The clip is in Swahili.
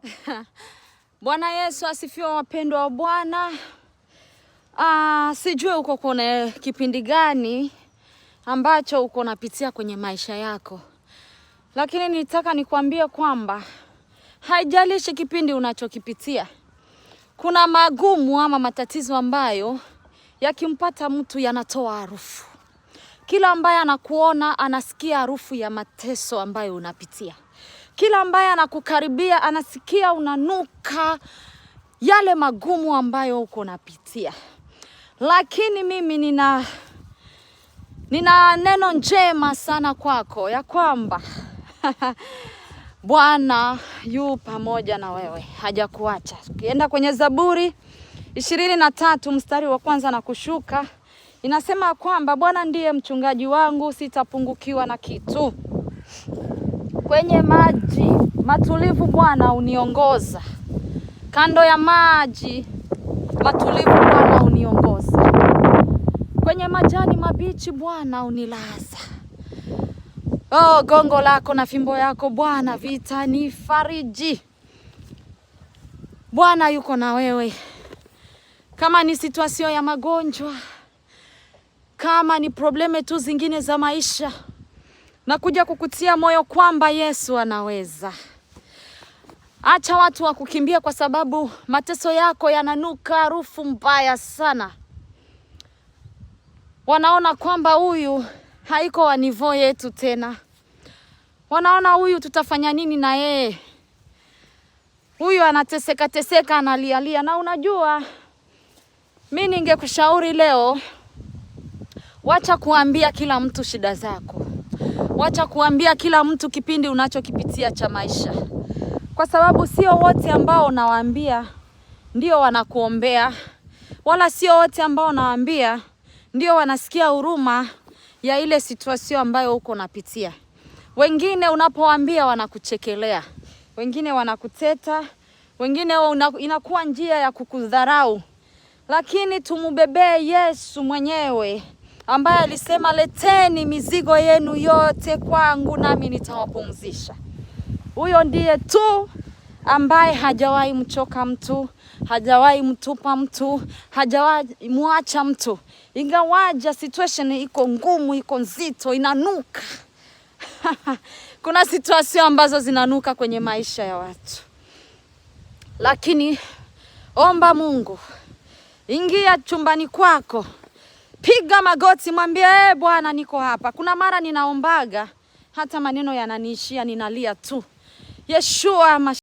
Bwana Yesu asifiwe, wapendwa wa Bwana. Ah, sijue uko kuna kipindi gani ambacho uko napitia kwenye maisha yako, lakini nitaka nikwambie kwamba haijalishi kipindi unachokipitia, kuna magumu ama matatizo ambayo yakimpata mtu yanatoa harufu. Kila ambaye anakuona anasikia harufu ya mateso ambayo unapitia. Kila ambaye anakukaribia anasikia unanuka yale magumu ambayo uko napitia, lakini mimi nina nina neno njema sana kwako ya kwamba Bwana yu pamoja na wewe, hajakuacha. Ukienda kwenye Zaburi ishirini na tatu mstari wa kwanza na kushuka inasema kwamba Bwana ndiye mchungaji wangu, sitapungukiwa na kitu kwenye maji matulivu Bwana uniongoza, kando ya maji matulivu Bwana uniongoza, kwenye majani mabichi Bwana unilaza. Oh, gongo lako na fimbo yako Bwana vitanifariji. Bwana yuko na wewe, kama ni situasio ya magonjwa, kama ni probleme tu zingine za maisha Nakuja kukutia moyo kwamba Yesu anaweza. Acha watu wakukimbia kwa sababu mateso yako yananuka harufu mbaya sana. Wanaona kwamba huyu haiko wa yetu tena, wanaona huyu tutafanya nini na yeye, huyu anateseka teseka, analialia. Na unajua mi ningekushauri leo, wacha kuambia kila mtu shida zako Wacha kuambia kila mtu kipindi unachokipitia cha maisha, kwa sababu sio wote ambao unawaambia ndio wanakuombea, wala sio wote ambao unawaambia ndio wanasikia huruma ya ile situasio ambayo uko unapitia. Wengine unapowaambia wanakuchekelea, wengine wanakuteta, wengine inakuwa njia ya kukudharau, lakini tumubebee Yesu mwenyewe ambaye alisema leteni mizigo yenu yote kwangu nami nitawapumzisha. Huyo ndiye tu ambaye hajawahi mchoka mtu, hajawahi mtupa mtu, hajawahi mwacha mtu, ingawaja situation iko ngumu, iko nzito, inanuka kuna situation ambazo zinanuka kwenye maisha ya watu, lakini omba Mungu, ingia chumbani kwako piga magoti, mwambie ee, Bwana, niko hapa. Kuna mara ninaombaga hata maneno yananiishia, ninalia tu Yeshua